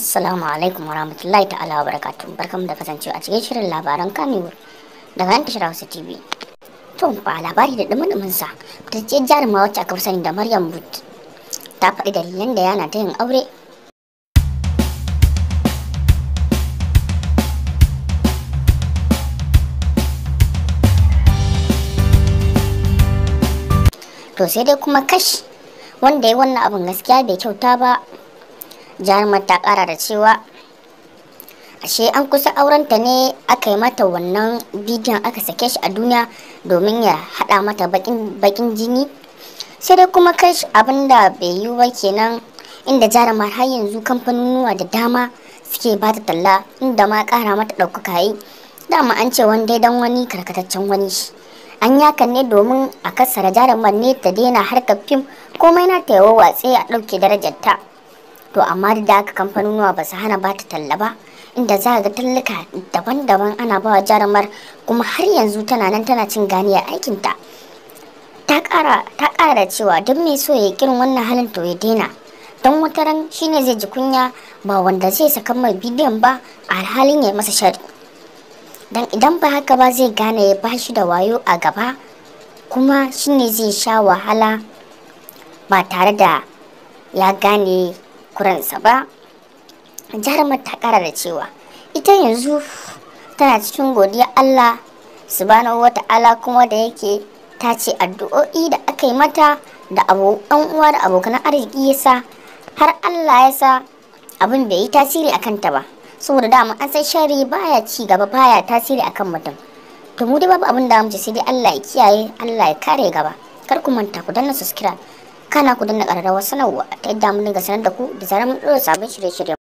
Assalamu alaikum warahmatullahi ta'ala wa barakatuh. Barkamu da kasance a cikin shirin labaran Kanewar da nan tashar Hausa TV. To ba labari da dumin sa ta ce jaruma wacce aka sani da Maryam But ta faɗi dalilan da yana ta yin aure To sai dai kuma kashi wanda ya wannan abin gaskiya bai kyauta ba jarumar ta kara da cewa ashe an kusa auren ta ne aka yi mata wannan bidiyon aka sake shi a duniya domin ya hada mata bakin jini sai dai kuma kai abin da bai yi ba kenan inda jarumar har yanzu kamfanunuwa da dama suke ba ta talla inda ma kara mata ɗaukaka yi dama an ce wani daidan wani karkataccen wani shi an yakan ne domin a kasara jarumar ne ta daina harkar fim komai na ta yi watsi a dauke darajar ta to amma da da haka kamfanonuwa ba su hana ba ta talla ba inda za ga tallaka daban-daban ana ba wa jarumar kuma har yanzu tana nan tana cin a aikinta ta kara da cewa duk mai so ya kirin wannan halin to ya daina don wata ran shine zai ji kunya ba wanda zai saka mai bidiyon ba a halin ya masa shari don idan ba haka ba zai gane ya bashi da wayo a gaba kuma shine zai sha wahala ba tare da ya gane kuskurensa ba jarumar ta kara da cewa ita yanzu tana cikin godiya allah subhanahu ta'ala kuma da yake ta ce addu'o'i da aka yi mata da abokan uwa da abokan arziki yasa har allah ya sa abin bai yi tasiri akan ta ba saboda dama an san shari baya ci gaba baya tasiri akan mutum to mu dai babu abin da mu sai dai allah ya kiyaye allah ya kare gaba kar ku manta ku danna subscribe kana ku danna ƙararrawar sanarwa ta yadda mun dinga sanar da ku da zarar mun ɗora sabon shirye-shirye